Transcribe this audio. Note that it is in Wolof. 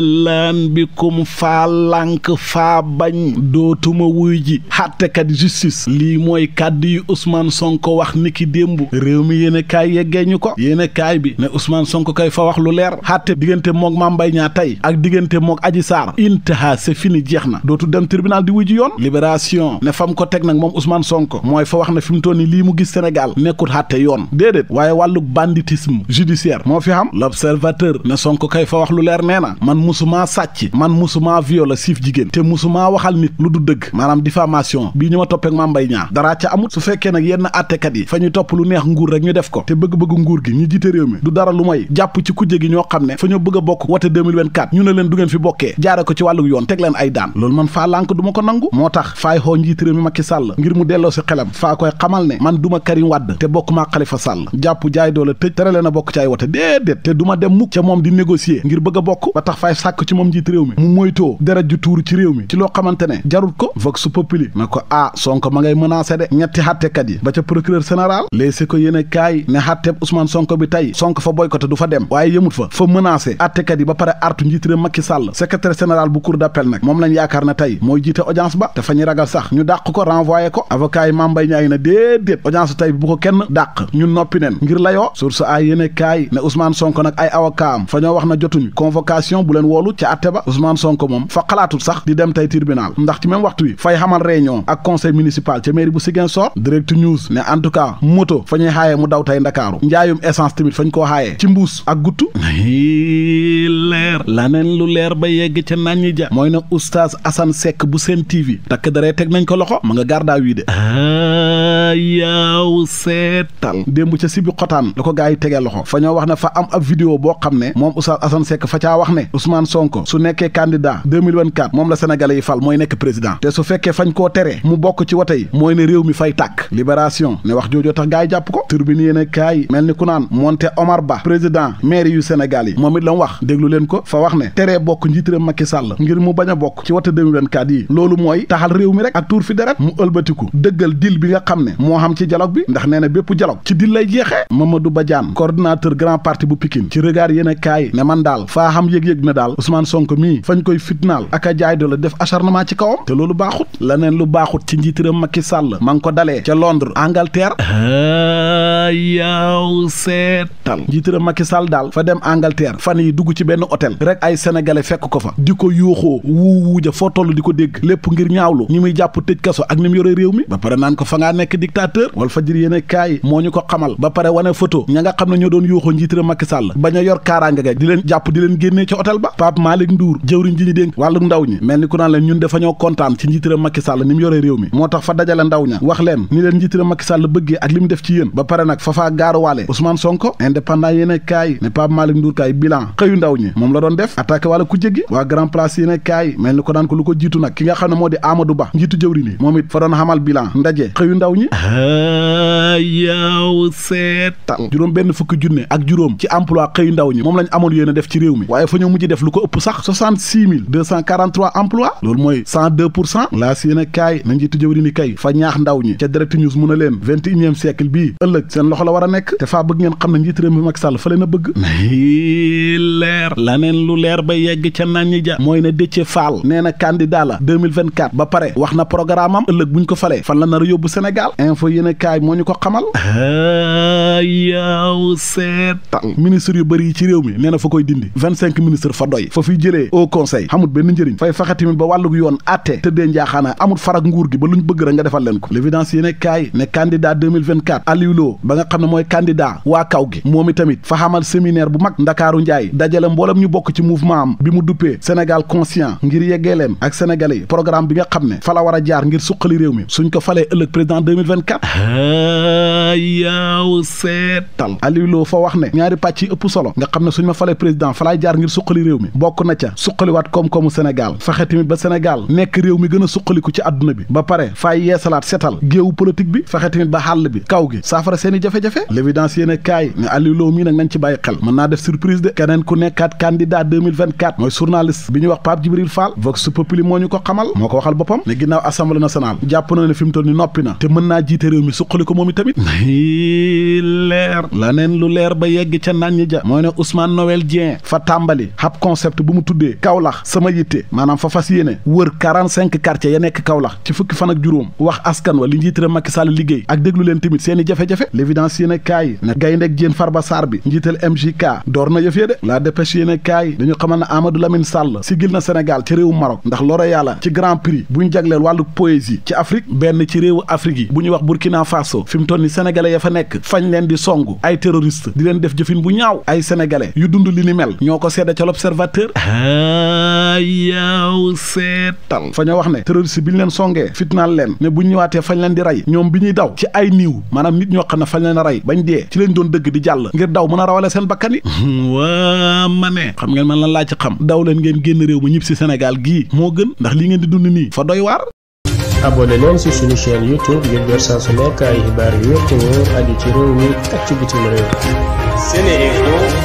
ëllaan bikum faa lànk faa bañ dootuma wuy ji xàttekat justice lii mooy kàddu yi Ousmane Sonko wax niki démb réew mi yéen a kaay yeggee ñu ko yéen a kaay bi ne Ousmane Sonko kay fa wax lu leer xàtte diggante moog Mame Mbaye Niang tey ak diggante moog Adji Sarr intaha c'est fini jeex na dootu dem tribunal di wuy ji yoon libération ne fam ko teg nag moom Ousmane Sonko mooy fa wax na fi mu toll nii lii mu gis Sénégal nekkul xàtte yoon déedéet waaye wàllu banditisme judiciaire musumaa sàcc man musumaa viola siif jigéen te musumaa waxal nit lu du dëgg maanaam diffamation bii ñu ma toppee ak Mame Mbaye Niang daraa ca amut su fekkee nag yenn àttekat yi fa ñu topp lu neex nguur rek ñu def ko te bëgg-bëgg nguur gi ñu jiite mi du dara lu may jàpp ci kujje gi ñoo xam ne fa ñu bëgg a bokk wote 2024 ñu ne leen du fi bokkee jaare ko ci wàllu yoon teg leen ay daan loolu man faa lànk du ko nangu moo tax faay xoo njiit mi Macky ci sàkk ci moom njiit réew mi mu moytoo deret ju tuuru ci réew mi ci loo xamante ne jarut ko vox populi na ko ah sonko ma ngay menacé de ñetti xàttekat yi ba ca procureur général léeg si ko yéene kaay ne xàtteeb Ousmane Sonko bi tey Sonko fa boycotté du fa dem waaye yëmut fa fa menacé àttekat yi ba pare artu njiit réew Macky Sall secrétaire général bu cour d'appel nag moom lañ yaakaar ne tey mooy jiite audience ba te fa ñu ragal sax ñu dàq ko renvoyé ko tey bi bu kenn ñun noppi neen ngir layoo source ay yéene kaay ne Ousmane Sonko nag ay avocat am fa wax na jotuñu convocation bu leen woolu ca atte ba Ousmane Sonko moom fa xalaatul sax di dem tey tribunal ndax ci même waxtu wi fay xamal réunion ak conseil municipal ca mairie bu Ziguinchor direct news ne en tout cas moto fa ñuy xaayee mu daw tey ndakaaru njaayum essence tamit fañ koo xaayee ci mbuus ak guttu leer laneen lu leer ba yegg ca naññi ja mooy na oustaz Assane Seck bu Sen TV takk daree teg nañ ko loxo ma nga gardaa wii de ah, yaaw seetal démb ca sibi xotaan la ko gaa yi loxo fa ñoo wax ne fa am ab moom Ousmane Sonko su nekkee candidat 2024 moom la sénégalais yi fal mooy nekk président te su fekkee fañ koo tere mu bokk ci wote yi mooy ne réew mi fay tàkk libération ne wax joojoo tax gaa jàpp ko turbine yéen a mel ni ku naan moonte Omar Ba président maire yu Sénégal yi moom it la wax déglu ko fa wax ne teree bokk njiitiram Macky Sall ngir mu bañ a bokk ci wote 2024 yi loolu mooy taxal réew mi rek ak tuur fi deret mu ëlbatiku dëggal dil bi nga xam ne moo a daal Ousmane Sonko mii fañ koy fitnaal ak a jaay do la def acharnement ci kawam te loolu baaxut leneen lu baaxut ci njiitiram Macky Sall ma ngi ko dalee ca londre Angleterre ah, yaaw seetal njiitiram Macky Sall daal fa dem Angleterre fan yi dugg ci benn hôtel rek ay sénégalais fekk ko fa di ko yuuxoo wuuwuuja foo toll di ko dégg lépp ngir ñaawlu ñi muy jàpp tëj kaso ak ni mu yore réew mi ba pare naan ko fa ngaa nekk dictateur wala fajir yéene kaay moo ñu ko xamal ba pare wane photo ña nga xam ne ñoo doon yuuxoo njiitiram Macky Sall bañ a yor kaaraange ga di leen jàpp di leen génnee ca ba Pape Malick Ndour jëwriñ ji ñu dénk wàllu ndaw ñi mel ni ku naan leen ñun dafa ñoo kontaan ci njiitiram Macky Sall ni mu yoree réew mi moo tax fa dajale ndaw ña wax leen ni leen njiitiram Macky Sall bëggee ak li mu def ci yen ba pare nag fafaa gaaruwaale Ousmane Sonko indépendant yéen kaay ne Pape Malick Ndour kaay bilan xëyu ndaw ñi moom la doon def attaqué wàlla ku jéggi waa grand place yéen kaay mel ni ko naan ko lu ko jiitu nag ki nga xam ne moo di Amadou Ba njiitu jëwriñ yi moom it fa doon xamal bilan ndaje xëyu ndaw ñi yaaw seetal juróom benn fukki junne ak juróom ci emploi xëyu ndaw ñi moom lañ amoon yéen def ci réew mi waaye fa ñoo mujj lu ko ëpp sax 66 243 emplois loolu mooy 102 pour cent laas yéen a kaay nañ ci tujëwri ni kay fa ñaax ndaw ñi ca direct news mun a leen vingt et unième siècle bii ëllëg seen loxo la war a nekk te faa bëgg ngeen xam ne njiit réew mi Macky bëgg leer la neen lu leer ba yegg ca naan ñi ja mooy ne Déthié Fall nee na candidat la 2024 ba pare wax na programme am ëllëg buñ ko falee fan la nar a yóbbu Sénégal info yéen a kaay moo ñu ko xamal ah, yow seetal ministre yu bëri yi ci réew mi nee na fa koy dindi vingt cinq ministre doy fa fiy jëlee au conseil xamul benn njëriñ fay fexe tamit ba wàllug yoon atte tëddee njaaxaana amul farak nguur gi ba luñ bëgg rek nga defal leen ko l'évidence yéene kaay ne candidat 2024 Aliou Lo ba nga xam ne mooy candidat waa kaw gi moom i tamit fa xamal séminaire bu mag ndakaaru njaay dajale mboolam ñu bokk ci mouvement am bi mu duppee Sénégal conscient ngir leen ak sénégalais yi programme bi nga xam ne fa la war a jaar ngir suqali réew mi suñ ko falee ëllëg président 2024 ah, yaaw seetal Aliou Lo wax ne ñaari pàcc yi ëpp solo nga xam ne suñ ma falee président fa laay jaar ngir suqali réew mi bokk na ca suqaliwaat koom-koomu Sénégal fexe tamit ba Sénégal nekk réew mi gën a suqaliku ci àdduna bi ba pare fay yeesalaat setal géewu politique bi fexe tamit ba xàll bi kaw gi saafara seen i jafe-jafe l'évidence yéen a ne Aliou Lo mii nañ ci bàyyi xel mën naa def surprise de keneen ku nekkaat candidat 2024 mooy journaliste bi ñuy wax Pape Djibril Fall Vox Populi moo ñu ko xamal moo ko waxal boppam ne ginnaaw assemblée nationale jàpp na ne fi naa jiite réew mi suqali la neen lu leer ba yegg ca naan ja mooy ne Ousmane Noël Dieng fa concept bu mu tuddee Kaolack sama yitte maanaam fa fas yéene wër quarante ya nekk Kaolack ci fukki fan ak juróom wax askan wa li njiitëra Macky Sall liggéey ak déglu leen tamit seen i jafe-jafe l'évidence yéen kaay yi ne gayndeeg jéen Farba Sarr bi njiital MJK door na yëf de la dépêche yéen kaay dañu xamal ne Amadou Lamine Sall sigil na Sénégal ci réewu Maroc ndax loro yàlla ci grand prix buñ jagleel wàllu poésie ci Afrique benn ci réewu Afrique yi bu l'observateur ayaw ah, seetal fa ñoo wax ne terroriste bi ñu leen songee fitnaal leen ne bu ñu waatee fañ leen di rey ñoom bi ñuy daw ci ay niiw maanaam nit ñoo xam ne fañ leen a rey bañ dee ci leen doon dëgg di jàll ngir daw mën a rawale seen bakkan yi waa ma ne xam ngeen man lan laa ci xam daw leen ngeen génn réew mi ñib si Sénégal gii moo gën ndax li ngeen di dund nii fa doy waar abonné leen ci suñu chaîne youtube ngir jot saa su nekk ay xibaar yu wér te wóor aju ci réew mi ci